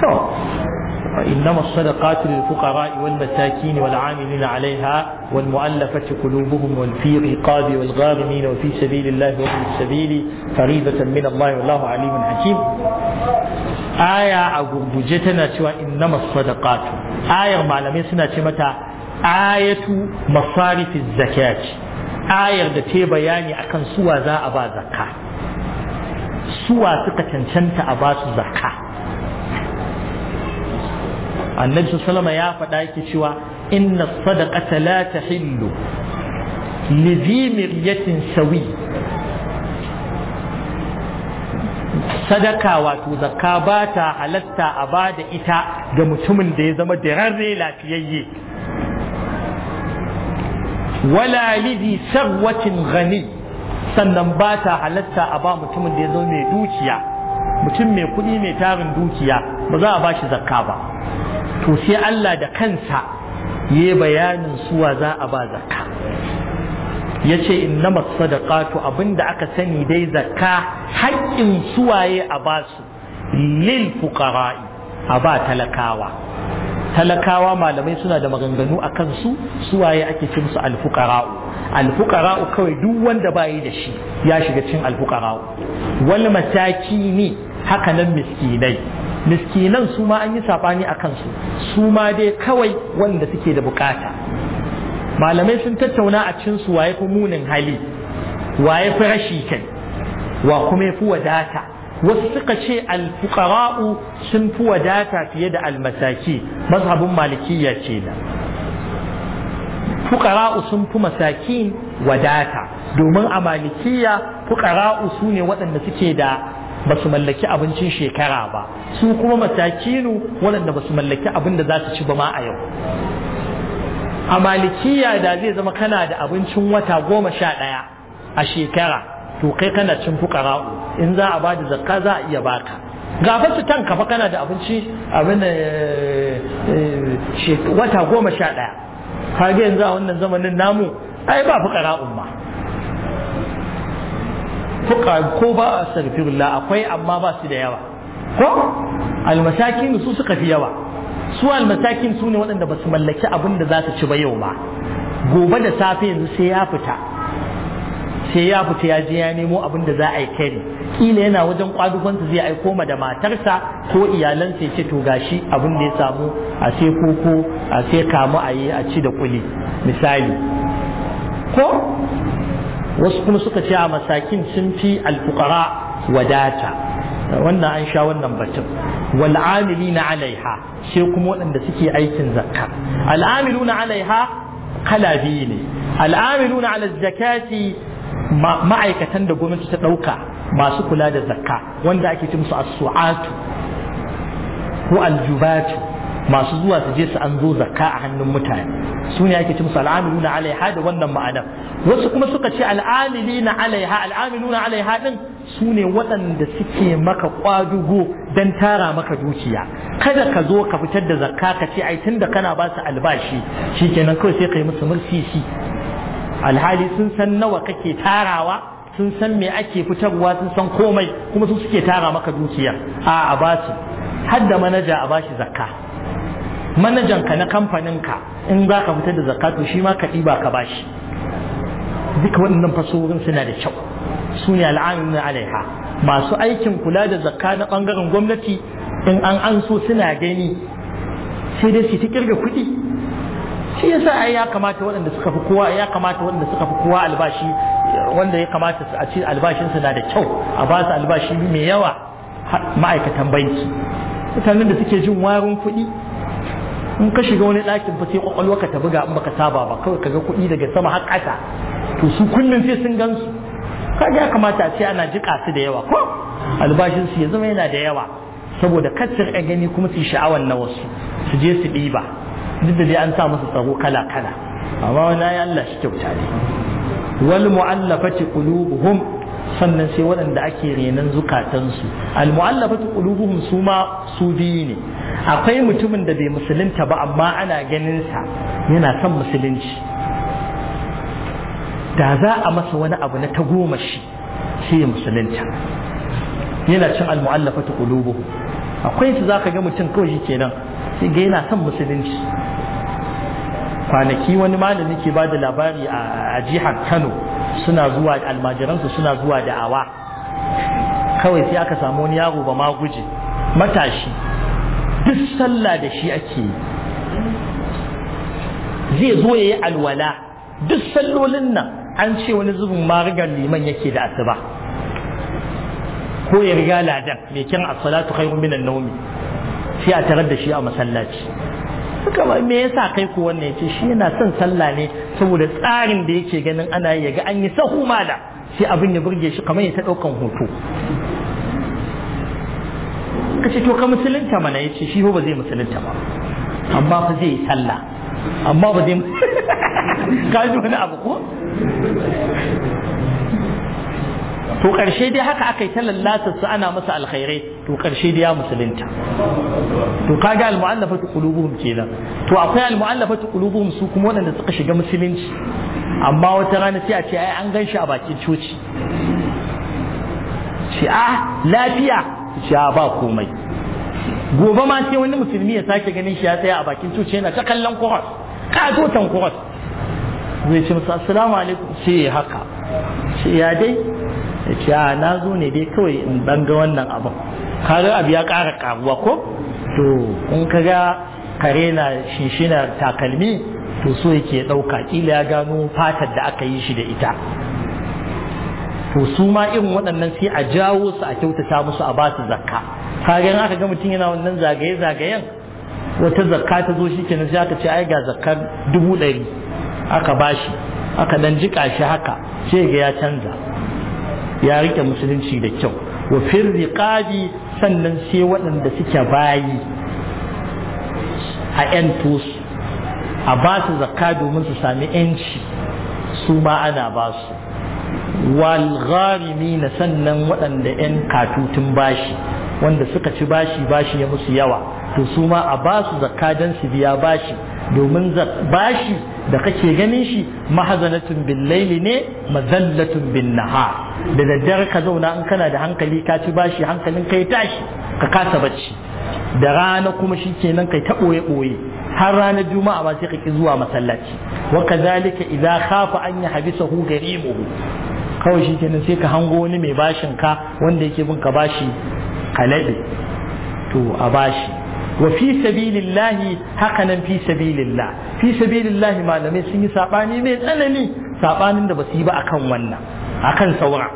to innama sadaqatu lil fuqara wal masakin wal amilin alayha wal mu'allafati qulubuhum wal fi riqabi wal ghalimin wa fi sabilillahi wa fi sabili faridatan min Allah wallahu alimun hakim aya a gurguje tana cewa innama sadaqatu ayar malamai suna ce mata ayatu masarifiz zakati ayar da ke bayani akan suwa za a ba zakka suwa suka cancanta a ba su zakka annabi sallama ya faɗa yake cewa inna sadaqata la tahillu li zi sawi sadaka wato zakka ba ta halatta a ba da ita ga mutumin da ya zama dirarre lafiyayye wala lidi sarwacin gani sannan ba ta halatta a ba mutumin da ya zama mai dukiya mutum mai kuɗi mai tarin dukiya ba za a ba shi zakka ba to sai Allah da kansa ya bayanin suwa za a ba zakka ya ce inna abin abinda aka sani dai zakka haƙƙin suwaye a ba su lil fuqara'i a ba talakawa talakawa malamai suna da maganganu a kansu suwaye ake cin su alfuqara'u alfuqara'u kawai duk wanda bayi da shi ya shiga cin alfuqara'u wal ne haka nan miskinai miskinan su ma an yi saɓani a kansu su ma dai kawai wanda suke da bukata malamai sun tattauna a cin su waye fi munin hali waye fi rashi kai wa kuma fi wadata wasu suka ce alfuqara'u sun fi wadata fiye da almasaki mazhabin malikiyya ce da fuqara'u sun fi masakin wadata domin a malikiyya fuqara'u su ne waɗanda suke da ba su mallaki abincin shekara ba su kuma matakinu waɗanda ba su mallaki abin da za su ci ba ma a yau a malikiya da zai zama kana da abincin wata goma sha ɗaya a shekara to kai kana cin fukara in za a ba da zakka za a iya baka gafa su tanka fa kana da abinci abin eh, eh, wata goma sha ɗaya kage yanzu a wannan zamanin namu ai ba fukara ma fuka ko ba a astaghfirullah akwai amma ba su da yawa ko almasakin su suka fi yawa su almasakin su ne waɗanda ba su mallaki abin da za su ci ba yau ba gobe da safe yanzu sai ya fita sai ya fita ya je ya nemo abin da za a yi kai kila yana wajen kwadugonsa zai aiko ma da matarsa ko iyalansa ya ce to gashi abin da ya samu a sai koko a sai kamu a yi a ci da kuli misali ko wasu kuma suka ce a masakin sun fi alfukara wadata wannan an sha wannan batun wal'amili na alaiha sai kuma waɗanda suke aikin zakka al'amilu na alaiha kala biyu ne al'amilu na ala ma'aikatan da gwamnati ta ɗauka masu kula da zakka wanda ake ce musu asu'atu ko aljubatu masu zuwa su je su an zo zakka a hannun mutane su ne ake cimsa na alaiha da wannan ma'anar wasu kuma suka ce na alaiha na alaiha din su ne waɗanda suke maka kwadugo don tara maka dukiya kada ka zo ka fitar da zakka ka ce ai tunda kana ba su albashi shikenan kawai sai ka yi musu mursisi alhali sun san nawa kake tarawa sun san me ake fitarwa sun san komai kuma su suke tara maka dukiya A'a a ba su har da manaja a bashi zakka manajan ka na kamfanin ka in za ka fitar da zakatu shi ma ka ɗiba ka bashi duka waɗannan fasohorin suna da kyau su ne al'amin na alaiha masu aikin kula da zakka na ɓangaren gwamnati in an an so suna gani sai dai su ta kirga kuɗi shi yasa ai ya kamata waɗanda suka fi kowa ya kamata waɗanda suka fi kowa albashi wanda ya kamata a ce albashinsu na da kyau a ba su albashi mai yawa ma'aikatan banki mutanen da suke jin warin kuɗi in ka shiga wani ɗakin ba sai kwakwalwa ka ta buga in baka saba ba kawai kaga kuɗi daga sama har ƙasa to su kullum sai sun gan su kaga ya kamata a ce ana jiƙa su da yawa ko albashin su ya zama yana da yawa saboda kaccin a gani kuma su sha'awar na wasu su je su ɗiba duk da dai an sa musu tsaro kala kala amma wani ya Allah shi kyauta ne wal mu'allafati qulubuhum sannan sai waɗanda ake renon zukatansu almu'allafatu qulubuhum su ma su biyu ne akwai mutumin da bai musulunta ba amma ana ganin sa yana son musulunci da za a masa wani abu na ta goma shi sai musulunta yana cin almu'allafa ta akwai su zaka ga mutum kawai shi kenan shi ga yana son musulunci kwanaki wani malami ke ba da labari a jihar kano suna zuwa almajiransu suna zuwa da awa. kawai sai aka samu wani yaro ba ma guje matashi duk sallah da shi ake yi zai zo ya yi alwala duk sallolin nan an ce wani zubin marigar liman yake da asuba ko ya riga ladan mai kyan as-salatu khairun minan nawmi sai a tarar da shi a masallaci suka me yasa kai ko wannan yace shi yana son sallah ne saboda tsarin da yake ganin ana yi ga an yi sahu mala sai abin ya burge shi kamar ya ta daukan hoto ka ce to ka musulunta mana ya ce shi ba zai musulunta ba amma ba zai yi sallah amma ba zai ka ji wani abu ko to karshe dai haka aka yi ta lallata su ana masa alkhairai to karshe dai ya musulunta to ga kaga almu'allafatu qulubuhum kenan to akwai almu'allafatu qulubuhum su kuma waɗanda suka shiga musulunci amma wata rana sai a ce ai an gan shi a bakin coci ce a ah, lafiya sha ba komai gobe ma sai wani musulmi ya sake ganin shi ya tsaya a bakin cuce yana ta kallon ka zo katotan kwas zai ce musu assalamu alaikum sai ya haka shi ya dai ya ce a na zo ne dai kawai in ga wannan abin kaga abu ya kara karuwa ko to in ka ga kare na shinshinar takalmi to so yake ɗauka ƙila ya gano fatar da aka yi shi da ita to su ma irin waɗannan sai a jawo su a kyautata musu a ba su zakka kaga aka ga mutum yana wannan zagaye zagayen wata zakka ta zo shi kenan sai aka ce ai ga zakkar dubu ɗari aka bashi aka dan jika shi haka sai ga ya canza ya rike musulunci da kyau wa fir riqabi sannan sai waɗanda suke bayi a yan su a ba su zakka domin su sami yanci su ma ana ba su na sannan waɗanda yan katutun bashi, wanda suka ci bashi bashi ya musu yawa to su ma a basu zakka dan su biya bashi domin bashi da kake ganin shi mahazanatun bin laili ne mazallatun bin Naha. da daddare ka zauna in kana da hankali ka ci bashi hankalin kai tashi ka kasa bacci da rana kuma shi kenan kai ta ɓoye har ranar juma'a ma sai ka ki zuwa masallaci wa iza idza khafa an yahbisahu garimuhu kawai shi kenan sai ka hango wani mai bashin ka wanda yake bin ka bashi kalabe to a bashi wa fi sabilillahi haka nan fi sabilillah fi sabilillahi malamai sun yi sabani mai tsanani sabanin da ba su yi ba akan wannan akan saura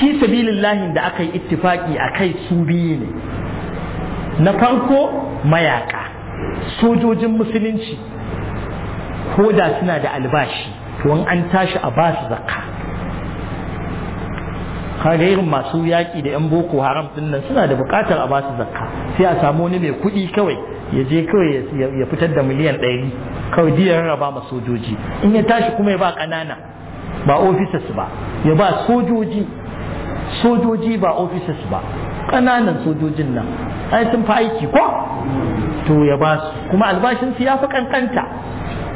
fi sabilillahi da aka yi ittifaki akai su biyu ne na farko mayaka sojojin musulunci ko da suna da albashi to an tashi a basu zakka kaga irin masu yaƙi da 'yan boko haram din nan suna da buƙatar a ba su zakka sai a samu wani mai kuɗi kawai ya je kawai ya fitar da miliyan ɗari kawai diyar raba ma sojoji in ya tashi kuma ya ba ƙanana ba ofisus ba ya ba sojoji sojoji ba ofisus ba ƙananan sojojin nan ai sun fi aiki ko to ya ba su kuma albashin su ya fi kankanta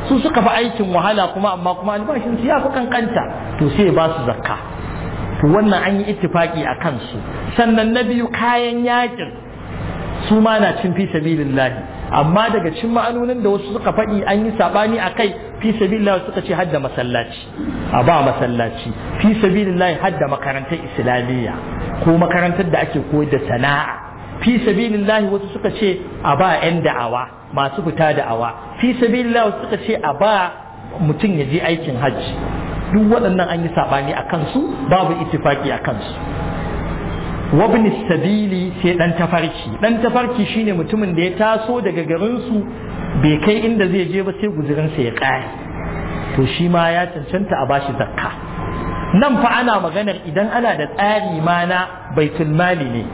su suka fi aikin wahala kuma amma kuma albashin su ya fi kankanta to sai ya ba su zakka to wannan an yi ittifaki a kansu sannan na biyu kayan yakin su ma na cin fi sabilillahi amma daga cin ma'anonin da wasu suka faɗi an yi sabani a kai fi sabilillahi suka ce hadda masallaci a ba masallaci fi sabilillahi hadda makarantar islamiyya ko makarantar da ake koyar da sana'a fi sabilillahi wasu suka ce a ba 'yan da'awa masu fita da'awa fi sabilillahi suka ce a ba mutum ya je aikin hajji duk waɗannan an yi saɓani a kansu babu itifaki a kansu wabin sabili sai ɗan tafarki ɗan tafarki shine mutumin da ya taso daga garinsu bai kai inda zai je ba sai guzurinsa ya ƙare to shi ma ya cancanta a bashi zakka nan fa ana maganar idan ana da tsari ma na baitul mali ne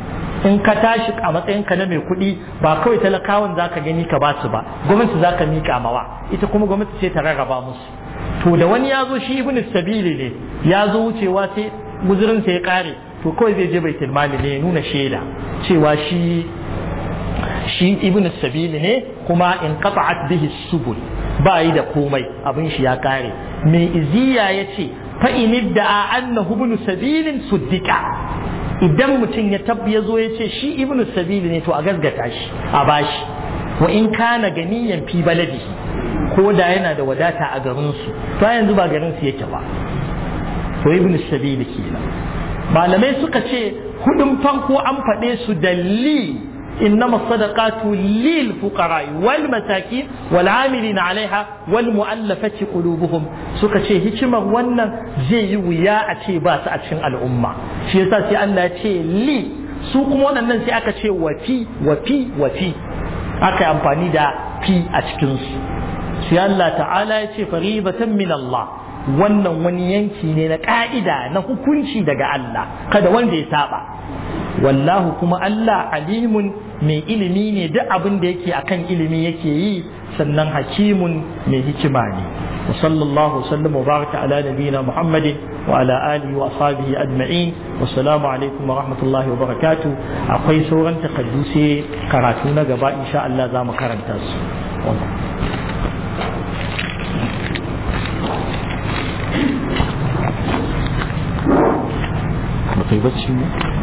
in ka tashi a matsayinka na mai kuɗi ba kawai talakawan za ka gani ka ba su ba gwamnati za ka miƙa mawa ita kuma gwamnati ce ta rarraba musu to da wani ya zo shi ibn sabili ne ya zo wucewa sai guzurinsa ya kare to kawai zai je baitul mali ne nuna shaida cewa shi shi ibn sabili ne kuma in qata'at bihi subul ba yi da komai abin shi ya kare mai iziya ya ce fa in da'a annahu ibn sabilin suddika idan mutum ya tabbi ya zo ya ce shi ibn sabili ne to a gargata shi a bashi wa in kana ganiyan fi baladihi ko da yana da wadata a garinsu ta yanzu ba garinsu yake ba to ibn sabili kenan malamai suka ce hudun farko an faɗe su da li إنما الصدقات للفقراء والمساكين والعاملين عليها والمؤلفة قلوبهم سوكا شيء هكما وانا زي ويا أتي باس أتشن الأمة شيء ساسي أن أتي لي سوكم وانا ننسي أكا شيء وفي وفي وفي أكا أمباني دا في أتشكنس sai Allah ta'ala ya ce faribatan min Allah wannan wani yanki ne na ka'ida na hukunci daga Allah kada wanda ya saba wallahu kuma Allah alimun mai ilimi ne duk abin da yake akan ilimi yake yi sannan hakimun mai hikima ne wa sallallahu sallam wa baraka ala nabiyina muhammadin wa ala alihi wa ashabihi ajma'in wa salamu alaikum wa rahmatullahi wa barakatuh akwai sauran takardu sai karatu na gaba insha Allah za mu karanta su bacci ne